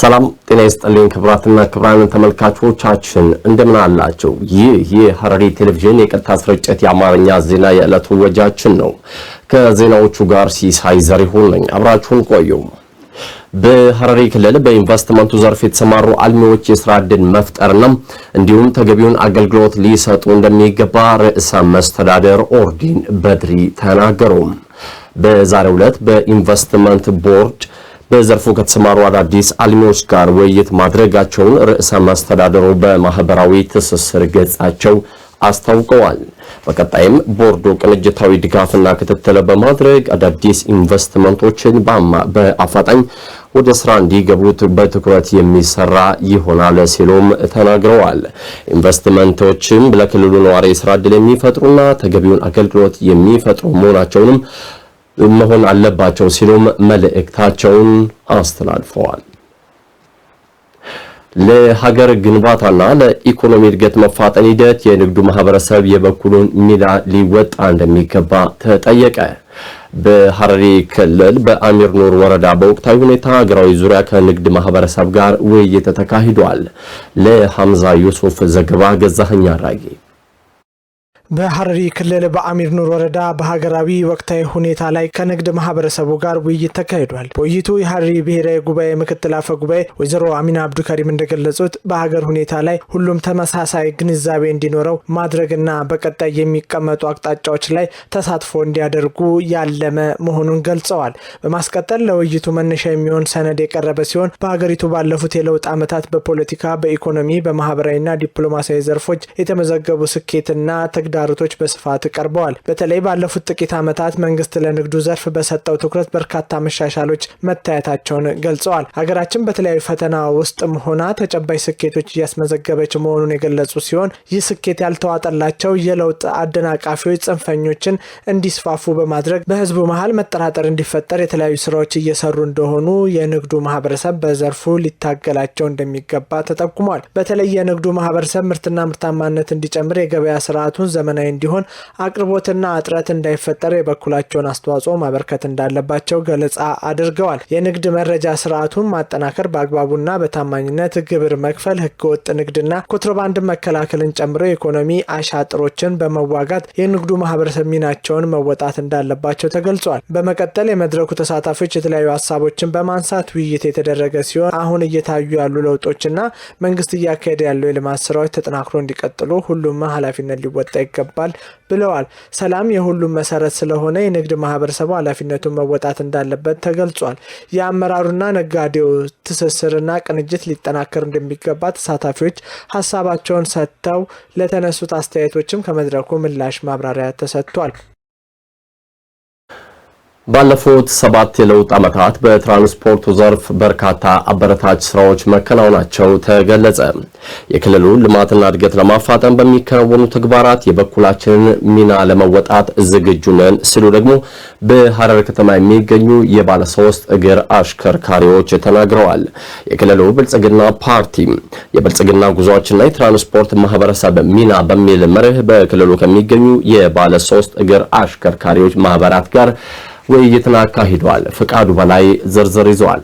ሰላም ጤና ይስጥልኝ ክቡራትና ክቡራን ተመልካቾቻችን እንደምን አላችሁ? ይህ የሐረሪ ቴሌቪዥን የቀጥታ ስርጭት የአማርኛ ዜና የዕለቱ ወጃችን ነው። ከዜናዎቹ ጋር ሲሳይ ዘሪሁን ነኝ። አብራችሁን ቆዩ። በሐረሪ ክልል በኢንቨስትመንቱ ዘርፍ የተሰማሩ አልሚዎች የስራ ዕድል መፍጠርና እንዲሁም ተገቢውን አገልግሎት ሊሰጡ እንደሚገባ ርዕሰ መስተዳደር ኦርዲን በድሪ ተናገሩ። በዛሬው ዕለት በኢንቨስትመንት ቦርድ በዘርፉ ከተሰማሩ አዳዲስ አልሚዎች ጋር ውይይት ማድረጋቸውን ርዕሰ መስተዳደሩ በማህበራዊ ትስስር ገጻቸው አስታውቀዋል። በቀጣይም ቦርዱ ቅንጅታዊ ድጋፍና ክትትል በማድረግ አዳዲስ ኢንቨስትመንቶችን በአፋጣኝ ወደ ስራ እንዲገቡ በትኩረት የሚሰራ ይሆናል ሲሉም ተናግረዋል። ኢንቨስትመንቶችም ለክልሉ ነዋሪ የስራ እድል የሚፈጥሩና ተገቢውን አገልግሎት የሚፈጥሩ መሆናቸውንም መሆን አለባቸው ሲሉም መልእክታቸውን አስተላልፈዋል። ለሀገር ግንባታና ለኢኮኖሚ እድገት መፋጠን ሂደት የንግዱ ማህበረሰብ የበኩሉን ሚና ሊወጣ እንደሚገባ ተጠየቀ። በሐረሪ ክልል በአሚር ኑር ወረዳ በወቅታዊ ሁኔታ ሀገራዊ ዙሪያ ከንግድ ማህበረሰብ ጋር ውይይት ተካሂዷል። ለሐምዛ ዩሱፍ ዘገባ ገዛኸኝ አራጌ በሐረሪ ክልል በአሚር ኑር ወረዳ በሀገራዊ ወቅታዊ ሁኔታ ላይ ከንግድ ማህበረሰቡ ጋር ውይይት ተካሂዷል። በውይይቱ የሐረሪ ብሔራዊ ጉባኤ ምክትል አፈ ጉባኤ ወይዘሮ አሚና አብዱከሪም እንደገለጹት በሀገር ሁኔታ ላይ ሁሉም ተመሳሳይ ግንዛቤ እንዲኖረው ማድረግና በቀጣይ የሚቀመጡ አቅጣጫዎች ላይ ተሳትፎ እንዲያደርጉ ያለመ መሆኑን ገልጸዋል። በማስቀጠል ለውይይቱ መነሻ የሚሆን ሰነድ የቀረበ ሲሆን በሀገሪቱ ባለፉት የለውጥ ዓመታት በፖለቲካ፣ በኢኮኖሚ፣ በማህበራዊና ዲፕሎማሲያዊ ዘርፎች የተመዘገቡ ስኬትና ተግዳ ተግዳሮቶች በስፋት ቀርበዋል። በተለይ ባለፉት ጥቂት ዓመታት መንግስት ለንግዱ ዘርፍ በሰጠው ትኩረት በርካታ መሻሻሎች መታየታቸውን ገልጸዋል። ሀገራችን በተለያዩ ፈተና ውስጥም ሆና ተጨባጭ ስኬቶች እያስመዘገበች መሆኑን የገለጹ ሲሆን ይህ ስኬት ያልተዋጠላቸው የለውጥ አደናቃፊዎች ጽንፈኞችን እንዲስፋፉ በማድረግ በህዝቡ መሀል መጠራጠር እንዲፈጠር የተለያዩ ስራዎች እየሰሩ እንደሆኑ የንግዱ ማህበረሰብ በዘርፉ ሊታገላቸው እንደሚገባ ተጠቁሟል። በተለይ የንግዱ ማህበረሰብ ምርትና ምርታማነት እንዲጨምር የገበያ ስርዓቱን ዘመ ዘመናዊ እንዲሆን አቅርቦትና እጥረት እንዳይፈጠር የበኩላቸውን አስተዋጽኦ ማበርከት እንዳለባቸው ገለጻ አድርገዋል። የንግድ መረጃ ስርዓቱን ማጠናከር፣ በአግባቡና በታማኝነት ግብር መክፈል፣ ህገወጥ ንግድና ኮንትሮባንድን መከላከልን ጨምሮ የኢኮኖሚ አሻጥሮችን በመዋጋት የንግዱ ማህበረሰብ ሚናቸውን መወጣት እንዳለባቸው ተገልጿል። በመቀጠል የመድረኩ ተሳታፊዎች የተለያዩ ሀሳቦችን በማንሳት ውይይት የተደረገ ሲሆን አሁን እየታዩ ያሉ ለውጦችና መንግስት እያካሄደ ያለው የልማት ስራዎች ተጠናክሮ እንዲቀጥሉ ሁሉም ኃላፊነት ሊወጣ ይገባል ይገባል ብለዋል። ሰላም የሁሉም መሰረት ስለሆነ የንግድ ማህበረሰቡ ኃላፊነቱን መወጣት እንዳለበት ተገልጿል። የአመራሩና ነጋዴው ትስስርና ቅንጅት ሊጠናከር እንደሚገባ ተሳታፊዎች ሀሳባቸውን ሰጥተው ለተነሱት አስተያየቶችም ከመድረኩ ምላሽ ማብራሪያ ተሰጥቷል። ባለፉት ሰባት የለውጥ ዓመታት በትራንስፖርቱ ዘርፍ በርካታ አበረታች ስራዎች መከናወናቸው ተገለጸ። የክልሉ ልማትና እድገት ለማፋጠን በሚከናወኑ ተግባራት የበኩላችንን ሚና ለመወጣት ዝግጁ ነን ሲሉ ደግሞ በሐረር ከተማ የሚገኙ የባለሶስት እግር አሽከርካሪዎች ተናግረዋል። የክልሉ ብልጽግና ፓርቲ የብልጽግና ጉዞዎችና የትራንስፖርት ማህበረሰብ ሚና በሚል መርህ በክልሉ ከሚገኙ የባለሶስት እግር አሽከርካሪዎች ማህበራት ጋር ውይይትን አካሂዷል። ፍቃዱ በላይ ዝርዝር ይዟል።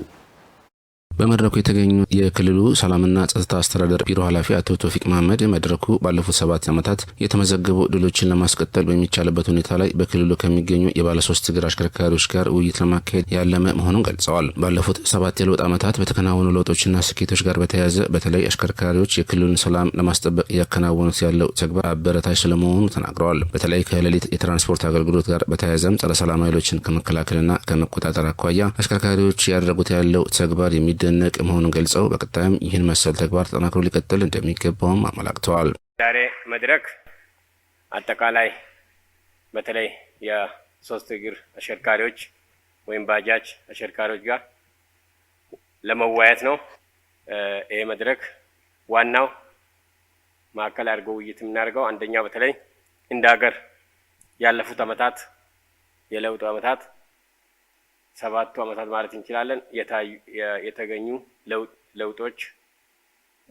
በመድረኩ የተገኙ የክልሉ ሰላምና ጸጥታ አስተዳደር ቢሮ ኃላፊ አቶ ቶፊቅ መሀመድ መድረኩ ባለፉት ሰባት ዓመታት የተመዘገቡ ድሎችን ለማስቀጠል በሚቻልበት ሁኔታ ላይ በክልሉ ከሚገኙ የባለሶስት እግር አሽከርካሪዎች ጋር ውይይት ለማካሄድ ያለመ መሆኑን ገልጸዋል። ባለፉት ሰባት የለውጥ ዓመታት በተከናወኑ ለውጦችና ስኬቶች ጋር በተያያዘ በተለይ አሽከርካሪዎች የክልሉን ሰላም ለማስጠበቅ እያከናወኑት ያለው ተግባር አበረታች ስለመሆኑ ተናግረዋል። በተለይ ከሌሊት የትራንስፖርት አገልግሎት ጋር በተያያዘም ጸረ ሰላም ኃይሎችን ከመከላከልና ከመቆጣጠር አኳያ አሽከርካሪዎች ያደረጉት ያለው ተግባር የሚደ የሚደነቅ መሆኑን ገልጸው በቀጣይም ይህን መሰል ተግባር ተጠናክሮ ሊቀጥል እንደሚገባውም አመላክተዋል። ዛሬ መድረክ አጠቃላይ በተለይ የሶስት እግር አሽከርካሪዎች ወይም ባጃጅ አሽከርካሪዎች ጋር ለመወያየት ነው። ይሄ መድረክ ዋናው ማዕከል አድርጎ ውይይት የምናደርገው አንደኛው በተለይ እንደ ሀገር ያለፉት ዓመታት የለውጡ ዓመታት ሰባቱ ዓመታት ማለት እንችላለን የተገኙ ለውጦች፣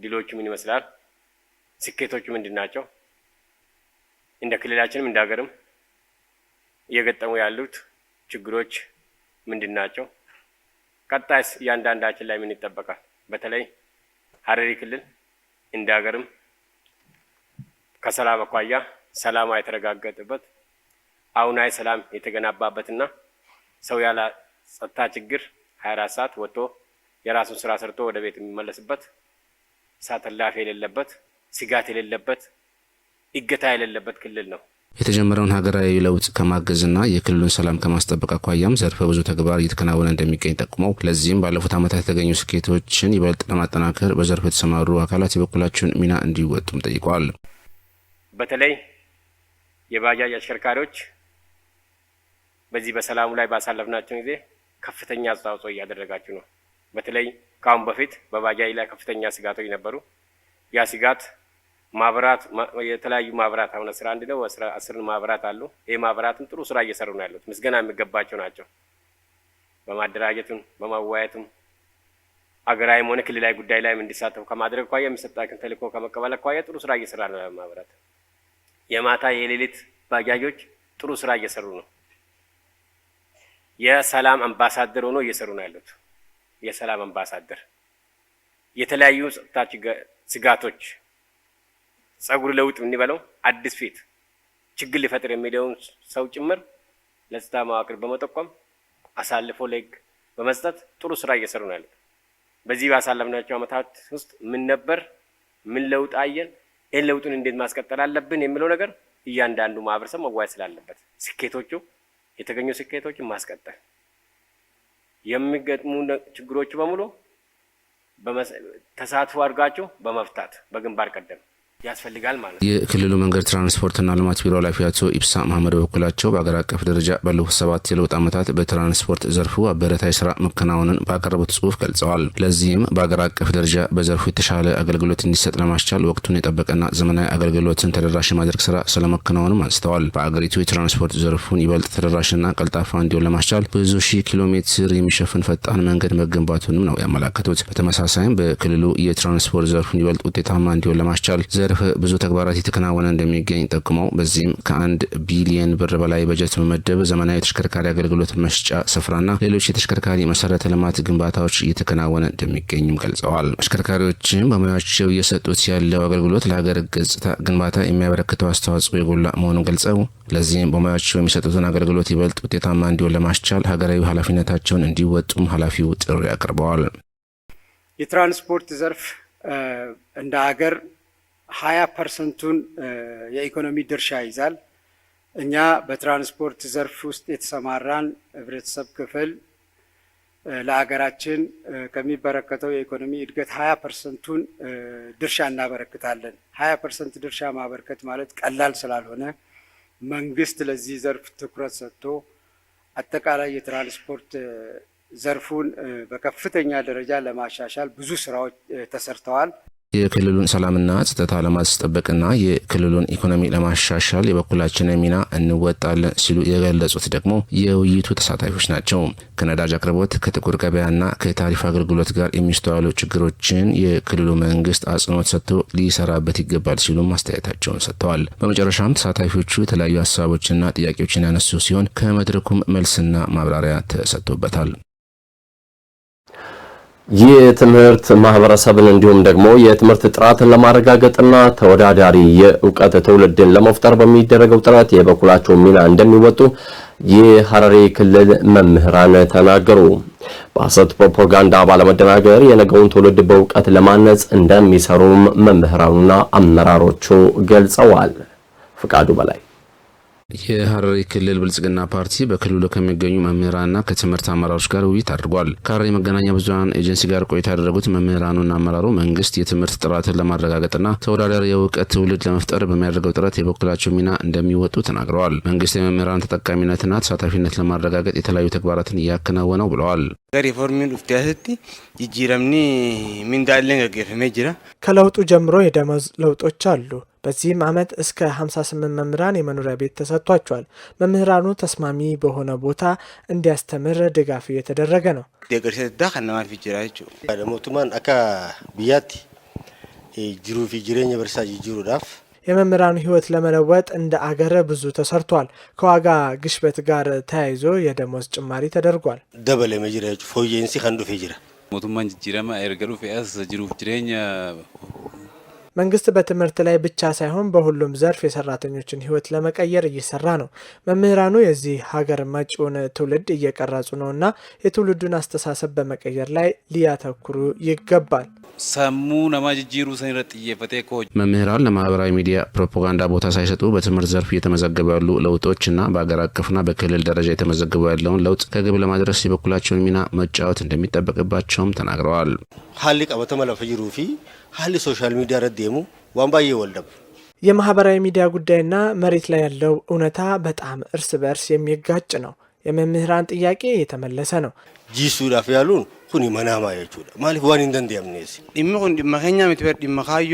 ድሎች ምን ይመስላል? ስኬቶቹ ምንድን ናቸው? እንደ ክልላችንም እንደ ሀገርም እየገጠሙ ያሉት ችግሮች ምንድን ናቸው? ቀጣይስ እያንዳንዳችን ላይ ምን ይጠበቃል? በተለይ ሀረሪ ክልል እንደ ሀገርም ከሰላም አኳያ ሰላማ የተረጋገጠበት አሁናዊ ሰላም የተገናባበትና ሰው ያላ ጸጥታ ችግር 24 ሰዓት ወጥቶ የራሱን ስራ ሰርቶ ወደ ቤት የሚመለስበት እሳት እላፊ የሌለበት ስጋት የሌለበት እገታ የሌለበት ክልል ነው። የተጀመረውን ሀገራዊ ለውጥ ከማገዝና የክልሉን ሰላም ከማስጠበቅ አኳያም ዘርፈ ብዙ ተግባር እየተከናወነ እንደሚገኝ ጠቁመው ለዚህም ባለፉት ዓመታት የተገኙ ስኬቶችን ይበልጥ ለማጠናከር በዘርፍ የተሰማሩ አካላት የበኩላቸውን ሚና እንዲወጡም ጠይቀዋል። በተለይ የባጃጅ አሽከርካሪዎች በዚህ በሰላሙ ላይ ባሳለፍናቸው ጊዜ ከፍተኛ አስተዋጽኦ እያደረጋችሁ ነው። በተለይ ከአሁን በፊት በባጃጅ ላይ ከፍተኛ ስጋቶች ነበሩ። ያ ስጋት ማብራት የተለያዩ ማብራት አሁን አስራ አንድ ነው አስር ማብራት አሉ። ይህ ማብራትም ጥሩ ስራ እየሰሩ ነው ያሉት፣ ምስጋና የሚገባቸው ናቸው። በማደራጀትም በማዋየትም አገራዊም ሆነ ክልላዊ ጉዳይ ላይም እንዲሳተፉ ከማድረግ አኳያ የሚሰጣቸውን ተልዕኮ ከመቀበል አኳያ ጥሩ ስራ እየሰራ ነው። ማብራት የማታ የሌሊት ባጃጆች ጥሩ ስራ እየሰሩ ነው። የሰላም አምባሳደር ሆኖ እየሰሩ ነው ያሉት። የሰላም አምባሳደር የተለያዩ ጸጥታ ስጋቶች፣ ጸጉር ለውጥ የምንበለው አዲስ ፊት ችግር ሊፈጥር የሚለውን ሰው ጭምር ለጸጥታ መዋቅር በመጠቆም አሳልፎ ለህግ በመስጠት ጥሩ ስራ እየሰሩ ነው ያሉት። በዚህ ባሳለፍናቸው ዓመታት ውስጥ ምን ነበር፣ ምን ለውጥ አየን፣ ይህን ለውጡን እንዴት ማስቀጠል አለብን የሚለው ነገር እያንዳንዱ ማህበረሰብ መዋየት ስላለበት ስኬቶቹ የተገኙ ስኬቶችን ማስቀጠል፣ የሚገጥሙ ችግሮች በሙሉ ተሳትፎ አድርጋችሁ በመፍታት በግንባር ቀደም ያስፈልጋል ማለት ነው። የክልሉ መንገድ ትራንስፖርትና ልማት ቢሮ ኃላፊ አቶ ኢብሳ መሀመድ በበኩላቸው በአገር አቀፍ ደረጃ ባለፉት ሰባት የለውጥ ዓመታት በትራንስፖርት ዘርፉ አበረታይ ስራ መከናወንን ባቀረቡት ጽሁፍ ገልጸዋል። ለዚህም በአገር አቀፍ ደረጃ በዘርፉ የተሻለ አገልግሎት እንዲሰጥ ለማስቻል ወቅቱን የጠበቀና ዘመናዊ አገልግሎትን ተደራሽ የማድረግ ስራ ስለመከናወንም አንስተዋል። በአገሪቱ የትራንስፖርት ዘርፉን ይበልጥ ተደራሽና ቀልጣፋ እንዲሆን ለማስቻል ብዙ ሺህ ኪሎ ሜትር የሚሸፍን ፈጣን መንገድ መገንባቱንም ነው ያመላከቱት። በተመሳሳይም በክልሉ የትራንስፖርት ዘርፉን ይበልጥ ውጤታማ እንዲሆን ለማስቻል ዘር በመድረክ ብዙ ተግባራት የተከናወነ እንደሚገኝ ጠቁመው በዚህም ከአንድ ቢሊየን ብር በላይ በጀት መመደብ ዘመናዊ ተሽከርካሪ አገልግሎት መስጫ ስፍራና ሌሎች የተሽከርካሪ መሰረተ ልማት ግንባታዎች እየተከናወነ እንደሚገኝም ገልጸዋል። አሽከርካሪዎችም በሙያቸው እየሰጡት ያለው አገልግሎት ለሀገር ገጽታ ግንባታ የሚያበረክተው አስተዋጽኦ የጎላ መሆኑን ገልጸው ለዚህም በሙያቸው የሚሰጡትን አገልግሎት ይበልጥ ውጤታማ እንዲሆን ለማስቻል ሀገራዊ ኃላፊነታቸውን እንዲወጡም ኃላፊው ጥሪ አቅርበዋል። የትራንስፖርት ዘርፍ እንደ ሀገር ሀያ ፐርሰንቱን የኢኮኖሚ ድርሻ ይዛል። እኛ በትራንስፖርት ዘርፍ ውስጥ የተሰማራን ህብረተሰብ ክፍል ለሀገራችን ከሚበረከተው የኢኮኖሚ እድገት ሀያ ፐርሰንቱን ድርሻ እናበረክታለን። ሀያ ፐርሰንት ድርሻ ማበርከት ማለት ቀላል ስላልሆነ መንግስት ለዚህ ዘርፍ ትኩረት ሰጥቶ አጠቃላይ የትራንስፖርት ዘርፉን በከፍተኛ ደረጃ ለማሻሻል ብዙ ስራዎች ተሰርተዋል። የክልሉን ሰላምና ጸጥታ ለማስጠበቅና የክልሉን ኢኮኖሚ ለማሻሻል የበኩላችንን ሚና እንወጣለን ሲሉ የገለጹት ደግሞ የውይይቱ ተሳታፊዎች ናቸው። ከነዳጅ አቅርቦት፣ ከጥቁር ገበያና ከታሪፍ አገልግሎት ጋር የሚስተዋሉ ችግሮችን የክልሉ መንግስት አጽንኦት ሰጥቶ ሊሰራበት ይገባል ሲሉም አስተያየታቸውን ሰጥተዋል። በመጨረሻም ተሳታፊዎቹ የተለያዩ ሀሳቦችና ጥያቄዎችን ያነሱ ሲሆን ከመድረኩም መልስና ማብራሪያ ተሰጥቶበታል። የትምህርት ማህበረሰብን እንዲሁም ደግሞ የትምህርት ጥራትን ለማረጋገጥና ተወዳዳሪ የእውቀት ትውልድን ለመፍጠር በሚደረገው ጥረት የበኩላቸውን ሚና እንደሚወጡ የሐረሪ ክልል መምህራን ተናገሩ። በሐሰት ፕሮፓጋንዳ ባለመደናገር የነገውን ትውልድ በእውቀት ለማነጽ እንደሚሰሩም መምህራኑና አመራሮቹ ገልጸዋል። ፍቃዱ በላይ የሀረሪ ክልል ብልጽግና ፓርቲ በክልሉ ከሚገኙ መምህራንና ከትምህርት አመራሮች ጋር ውይይት አድርጓል። ከሀረሪ መገናኛ ብዙሀን ኤጀንሲ ጋር ቆይታ ያደረጉት መምህራኑና አመራሩ መንግስት የትምህርት ጥራትን ለማረጋገጥና ተወዳዳሪ የእውቀት ትውልድ ለመፍጠር በሚያደርገው ጥረት የበኩላቸው ሚና እንደሚወጡ ተናግረዋል። መንግስት የመምህራን ተጠቃሚነትና ተሳታፊነት ለማረጋገጥ የተለያዩ ተግባራትን እያከናወነው ነው ብለዋል። ከለውጡ ጀምሮ የደመዝ ለውጦች አሉ። በዚህም ዓመት እስከ 58 መምህራን የመኖሪያ ቤት ተሰጥቷቸዋል። መምህራኑ ተስማሚ በሆነ ቦታ እንዲያስተምር ድጋፍ እየተደረገ ነው። የመምህራኑ ህይወት ለመለወጥ እንደ አገር ብዙ ተሰርቷል። ከዋጋ ግሽበት ጋር ተያይዞ የደሞዝ ጭማሪ ተደርጓል። ደበለ ፎየንሲ ከንዱፌ ጅራ ሞቱማን ጅጅረማ ኤርገሩ ፌያስ ጅሩፍ ጅሬኛ መንግስት በትምህርት ላይ ብቻ ሳይሆን በሁሉም ዘርፍ የሰራተኞችን ህይወት ለመቀየር እየሰራ ነው። መምህራኑ የዚህ ሀገር መጪውን ትውልድ እየቀረጹ ነው እና የትውልዱን አስተሳሰብ በመቀየር ላይ ሊያተኩሩ ይገባል። ሰሙ ነማ መምህራን ለማህበራዊ ሚዲያ ፕሮፓጋንዳ ቦታ ሳይሰጡ በትምህርት ዘርፍ እየተመዘገበ ያሉ በሀገር በአገር አቀፍና በክልል ደረጃ የተመዘገቡ ያለውን ለውጥ ከግብ ለማድረስ የበኩላቸውን ሚና መጫወት እንደሚጠበቅባቸውም ተናግረዋል። ሀሊ ቀበተመለፈ ጅሩ ፊ ሀሊ ሶሻል ሚዲያ ረዴሙ ዋንባዬ ወልደብ የማህበራዊ ሚዲያ ጉዳይና መሬት ላይ ያለው እውነታ በጣም እርስ በእርስ የሚጋጭ ነው። የመምህራን ጥያቄ የተመለሰ ነው። ጂሱ ዳፍ ያሉን ሁን መናማ የቹ ማሊፍ ዋን እንደንድ ያምኔስ ዲመ ሁን ዲመኸኛ ምትበር ዲመካዮ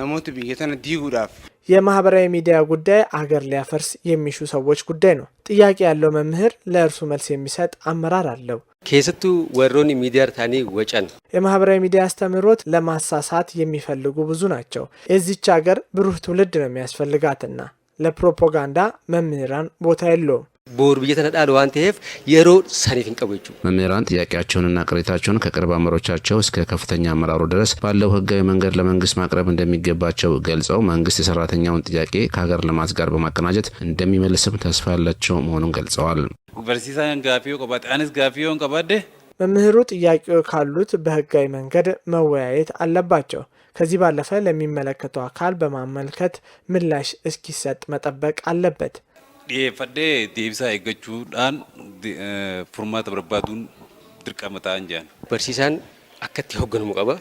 ነሞት ብየተነ ዲጉ ዳፍ የማህበራዊ ሚዲያ ጉዳይ አገር ሊያፈርስ የሚሹ ሰዎች ጉዳይ ነው። ጥያቄ ያለው መምህር ለእርሱ መልስ የሚሰጥ አመራር አለው። ኬስቱ ወሮን ሚዲያ ርታኒ ወጨን የማህበራዊ ሚዲያ አስተምህሮት ለማሳሳት የሚፈልጉ ብዙ ናቸው። የዚች ሀገር ብሩህ ትውልድ ነው የሚያስፈልጋትና ለፕሮፓጋንዳ መምህራን ቦታ የለውም። ቦር ብዬ ተነዳል ዋን ሄፍ የሮ ሰኔፍ እንቀበጩ መምህራን ጥያቄያቸውንና ቅሬታቸውን ከቅርብ አመራሮቻቸው እስከ ከፍተኛ አመራሩ ድረስ ባለው ህጋዊ መንገድ ለመንግስት ማቅረብ እንደሚገባቸው ገልጸው መንግስት የሰራተኛውን ጥያቄ ከሀገር ልማት ጋር በማቀናጀት እንደሚመልስም ተስፋ ያላቸው መሆኑን ገልጸዋል። በርሲሳን ጋፊዮ አንስ ጋፊዮን ቀባደ መምህሩ ጥያቄው ካሉት በህጋዊ መንገድ መወያየት አለባቸው። ከዚህ ባለፈ ለሚመለከተው አካል በማመልከት ምላሽ እስኪሰጥ መጠበቅ አለበት። dhiyeeffadhee deebisaa eeggachuudhaan eh, furmaata barbaaduun dirqama ta'an jedhan. Barsiisaan akka itti hoogganamu qaba,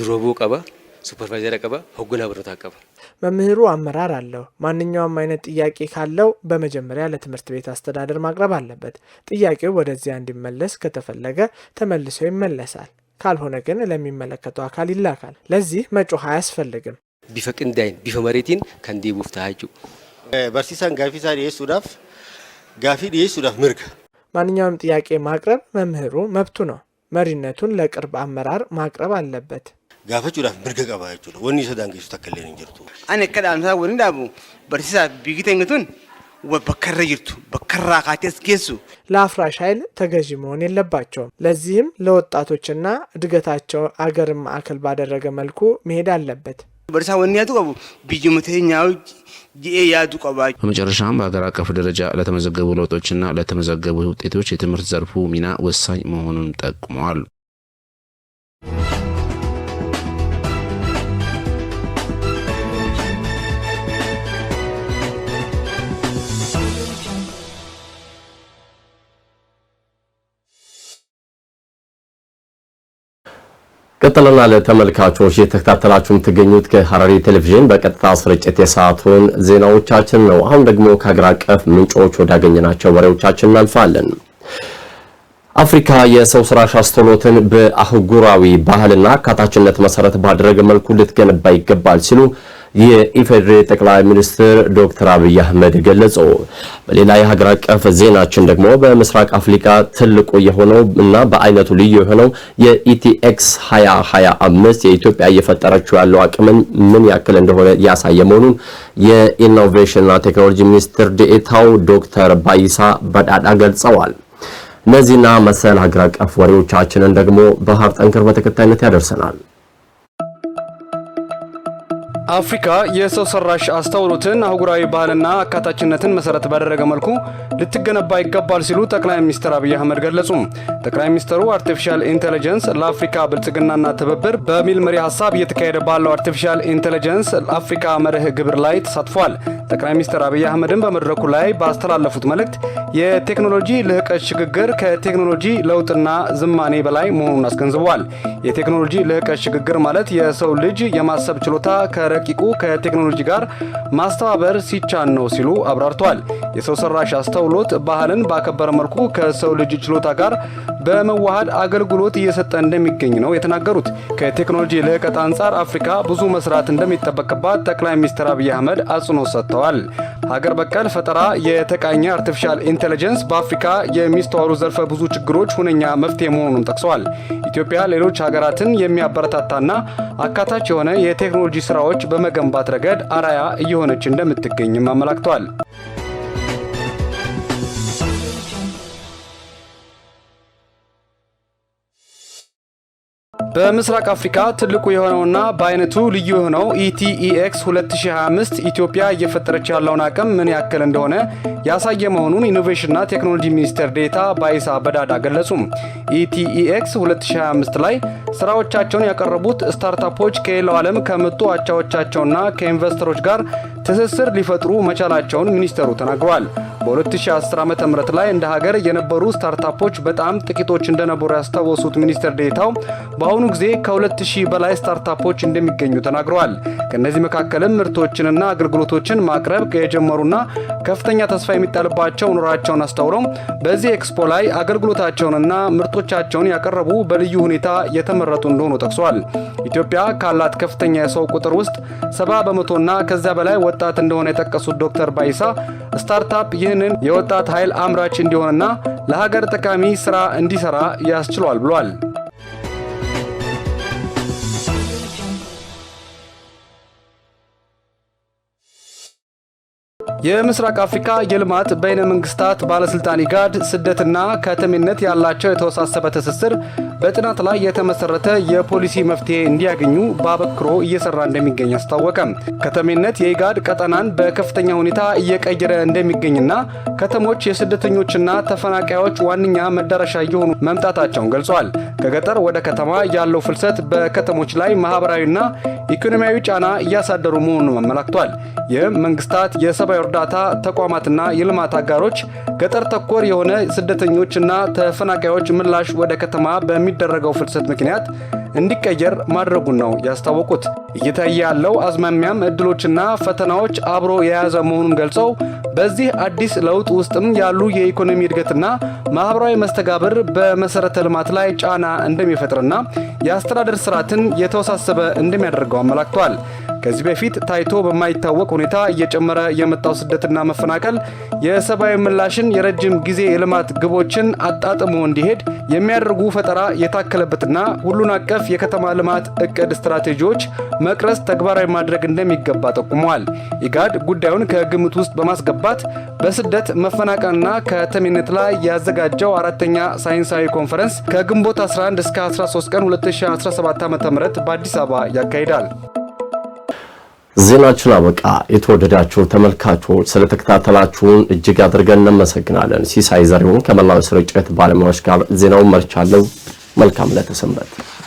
duroobuu qaba, ሱፐርቫይዘር ቀበ ህጉና ብረታ ቀበ መምህሩ አመራር አለው። ማንኛውም አይነት ጥያቄ ካለው በመጀመሪያ ለትምህርት ቤት አስተዳደር ማቅረብ አለበት። ጥያቄው ወደዚያ እንዲመለስ ከተፈለገ ተመልሶ ይመለሳል፣ ካልሆነ ግን ለሚመለከተው አካል ይላካል። ለዚህ መጮህ አያስፈልግም። ቢፈ ቅንዳይን ቢፈ መሬቲን ከንዲቡፍታሃጁ Eh, በርሲሳን ጋፊሳ ዲሱዳፍ ጋፊ ዲሱዳፍ ምርክ ማንኛውም ጥያቄ ማቅረብ መምህሩ መብቱ ነው። መሪነቱን ለቅርብ አመራር ማቅረብ አለበት። ጋፈቹዳፍ ምርገ ቀባያቹ ወኒ ሰዳንገሱ ተከለ እንጀርቱ አነ ከዳምሳ ወኒ ዳቡ በርሲሳ ቢግተኝቱን ወበከረ ይርቱ በከራ ካቴስ ጌሱ ለአፍራሽ ኃይል ተገዢ መሆን የለባቸውም። ለዚህም ለወጣቶችና እድገታቸው አገርን ማዕከል ባደረገ መልኩ መሄድ አለበት። በርሳ ወንያቱ ቀቡ ብጅምተኛዎች ያዱ ቀባች። በመጨረሻም በሀገር አቀፍ ደረጃ ለተመዘገቡ ለውጦችና ለተመዘገቡ ውጤቶች የትምህርት ዘርፉ ሚና ወሳኝ መሆኑን ጠቁመዋል። ቀጥለና ለተመልካቾች የተከታተላችሁ የምትገኙት ከሐረሪ ቴሌቪዥን በቀጥታ ስርጭት የሰዓቱን ዜናዎቻችን ነው። አሁን ደግሞ ከሀገር አቀፍ ምንጮች ወዳገኘናቸው ወሬዎቻችን እናልፋለን። አፍሪካ የሰው ሰራሽ አስተውሎትን በአህጉራዊ ባህልና አካታችነት መሰረት ባደረገ መልኩ ልትገነባ ይገባል ሲሉ የኢፌዴሪ ጠቅላይ ሚኒስትር ዶክተር አብይ አህመድ ገለጹ። በሌላ የሀገር አቀፍ ዜናችን ደግሞ በምስራቅ አፍሪካ ትልቁ የሆነው እና በአይነቱ ልዩ የሆነው የኢቲኤክስ 2025 የኢትዮጵያ እየፈጠረችው ያለው አቅምን ምን ያክል እንደሆነ ያሳየ መሆኑን የኢኖቬሽንና ቴክኖሎጂ ሚኒስትር ዴኤታው ዶክተር ባይሳ በዳዳ ገልጸዋል። እነዚህና መሰል ሀገር አቀፍ ወሬዎቻችንን ደግሞ ባህር ጠንክር በተከታይነት ያደርሰናል። አፍሪካ የሰው ሰራሽ አስተውሎትን አህጉራዊ ባህልና አካታችነትን መሰረት ባደረገ መልኩ ልትገነባ ይገባል ሲሉ ጠቅላይ ሚኒስትር አብይ አህመድ ገለጹ። ጠቅላይ ሚኒስትሩ አርቲፊሻል ኢንቴሊጀንስ ለአፍሪካ ብልጽግናና ትብብር በሚል መሪ ሀሳብ እየተካሄደ ባለው አርቲፊሻል ኢንቴሊጀንስ አፍሪካ መርህ ግብር ላይ ተሳትፏል። ጠቅላይ ሚኒስትር አብይ አህመድን በመድረኩ ላይ ባስተላለፉት መልእክት የቴክኖሎጂ ልህቀት ሽግግር ከቴክኖሎጂ ለውጥና ዝማኔ በላይ መሆኑን አስገንዝበዋል። የቴክኖሎጂ ልህቀት ሽግግር ማለት የሰው ልጅ የማሰብ ችሎታ ከረ ረቂቁ ከቴክኖሎጂ ጋር ማስተባበር ሲቻን ነው ሲሉ አብራርተዋል። የሰው ሰራሽ አስተውሎት ባህልን ባከበረ መልኩ ከሰው ልጅ ችሎታ ጋር በመዋሃድ አገልግሎት እየሰጠ እንደሚገኝ ነው የተናገሩት። ከቴክኖሎጂ ልዕቀት አንጻር አፍሪካ ብዙ መስራት እንደሚጠበቅባት ጠቅላይ ሚኒስትር አብይ አህመድ አጽንኦት ሰጥተዋል። ሀገር በቀል ፈጠራ የተቃኘ አርቲፊሻል ኢንቴሊጀንስ በአፍሪካ የሚስተዋሉ ዘርፈ ብዙ ችግሮች ሁነኛ መፍትሄ መሆኑን ጠቅሰዋል። ኢትዮጵያ ሌሎች ሀገራትን የሚያበረታታና አካታች የሆነ የቴክኖሎጂ ስራዎች በመገንባት ረገድ አራያ እየሆነች እንደምትገኝም አመላክተዋል። በምስራቅ አፍሪካ ትልቁ የሆነውና በአይነቱ ልዩ የሆነው ኢቲኢኤክስ 2025 ኢትዮጵያ እየፈጠረች ያለውን አቅም ምን ያክል እንደሆነ ያሳየ መሆኑን ኢኖቬሽንና ቴክኖሎጂ ሚኒስቴር ዴታ ባይሳ በዳዳ ገለጹም። ኢቲኢኤክስ 2025 ላይ ስራዎቻቸውን ያቀረቡት ስታርታፖች ከሌላው ዓለም ከመጡ አቻዎቻቸውና ከኢንቨስተሮች ጋር ትስስር ሊፈጥሩ መቻላቸውን ሚኒስተሩ ተናግሯል። በ2010 ዓ ም ላይ እንደ ሀገር የነበሩ ስታርታፖች በጣም ጥቂቶች እንደነበሩ ያስታወሱት ሚኒስትር ዴታው በአሁኑ ጊዜ ከ2000 በላይ ስታርታፖች እንደሚገኙ ተናግረዋል። ከእነዚህ መካከልም ምርቶችንና አገልግሎቶችን ማቅረብ የጀመሩና ከፍተኛ ተስፋ የሚጣልባቸው ኑሯቸውን አስታውረው በዚህ ኤክስፖ ላይ አገልግሎታቸውንና ምርቶቻቸውን ያቀረቡ በልዩ ሁኔታ የተመረጡ እንደሆኑ ጠቅሷል። ኢትዮጵያ ካላት ከፍተኛ የሰው ቁጥር ውስጥ ሰባ በመቶና ከዚያ በላይ ወጣት እንደሆነ የጠቀሱት ዶክተር ባይሳ ስታርታፕ ይህንን የወጣት ኃይል አምራች እንዲሆንና ለሀገር ጠቃሚ ሥራ እንዲሠራ ያስችሏል ብሏል። የምስራቅ አፍሪካ የልማት በይነ መንግስታት ባለስልጣን ኢጋድ ስደትና ከተሜነት ያላቸው የተወሳሰበ ትስስር በጥናት ላይ የተመሰረተ የፖሊሲ መፍትሄ እንዲያገኙ በአበክሮ እየሰራ እንደሚገኝ አስታወቀም። ከተሜነት የኢጋድ ቀጠናን በከፍተኛ ሁኔታ እየቀየረ እንደሚገኝና ከተሞች የስደተኞችና ተፈናቃዮች ዋነኛ መዳረሻ እየሆኑ መምጣታቸውን ገልጿል። ከገጠር ወደ ከተማ ያለው ፍልሰት በከተሞች ላይ ማህበራዊና ኢኮኖሚያዊ ጫና እያሳደሩ መሆኑን አመላክቷል። ይህም መንግስታት የሰብአዊ እርዳታ ተቋማትና የልማት አጋሮች ገጠር ተኮር የሆነ ስደተኞችና ተፈናቃዮች ምላሽ ወደ ከተማ በሚደረገው ፍልሰት ምክንያት እንዲቀየር ማድረጉን ነው ያስታወቁት። እየታየ ያለው አዝማሚያም እድሎችና ፈተናዎች አብሮ የያዘ መሆኑን ገልጸው በዚህ አዲስ ለውጥ ውስጥም ያሉ የኢኮኖሚ እድገትና ማህበራዊ መስተጋብር በመሰረተ ልማት ላይ ጫና እንደሚፈጥርና የአስተዳደር ስርዓትን የተወሳሰበ እንደሚያደርገው አመላክቷል። ከዚህ በፊት ታይቶ በማይታወቅ ሁኔታ እየጨመረ የመጣው ስደትና መፈናቀል የሰብአዊ ምላሽን የረጅም ጊዜ የልማት ግቦችን አጣጥሞ እንዲሄድ የሚያደርጉ ፈጠራ የታከለበትና ሁሉን አቀፍ የከተማ ልማት እቅድ ስትራቴጂዎች መቅረጽ ተግባራዊ ማድረግ እንደሚገባ ጠቁመዋል። ኢጋድ ጉዳዩን ከግምት ውስጥ በማስገባት በስደት መፈናቀልና ከተሜነት ላይ ያዘጋጀው አራተኛ ሳይንሳዊ ኮንፈረንስ ከግንቦት 11 እስከ 13 ቀን 2017 ዓ ም በአዲስ አበባ ያካሂዳል። ዜናችን አበቃ። የተወደዳችሁ ተመልካቾች ስለተከታተላችሁን እጅግ አድርገን እናመሰግናለን። ሲሳይ ዘሪሁን ከመላው ስርጭት ባለሙያዎች ጋር ዜናውን መርቻለሁ። መልካም ዕለት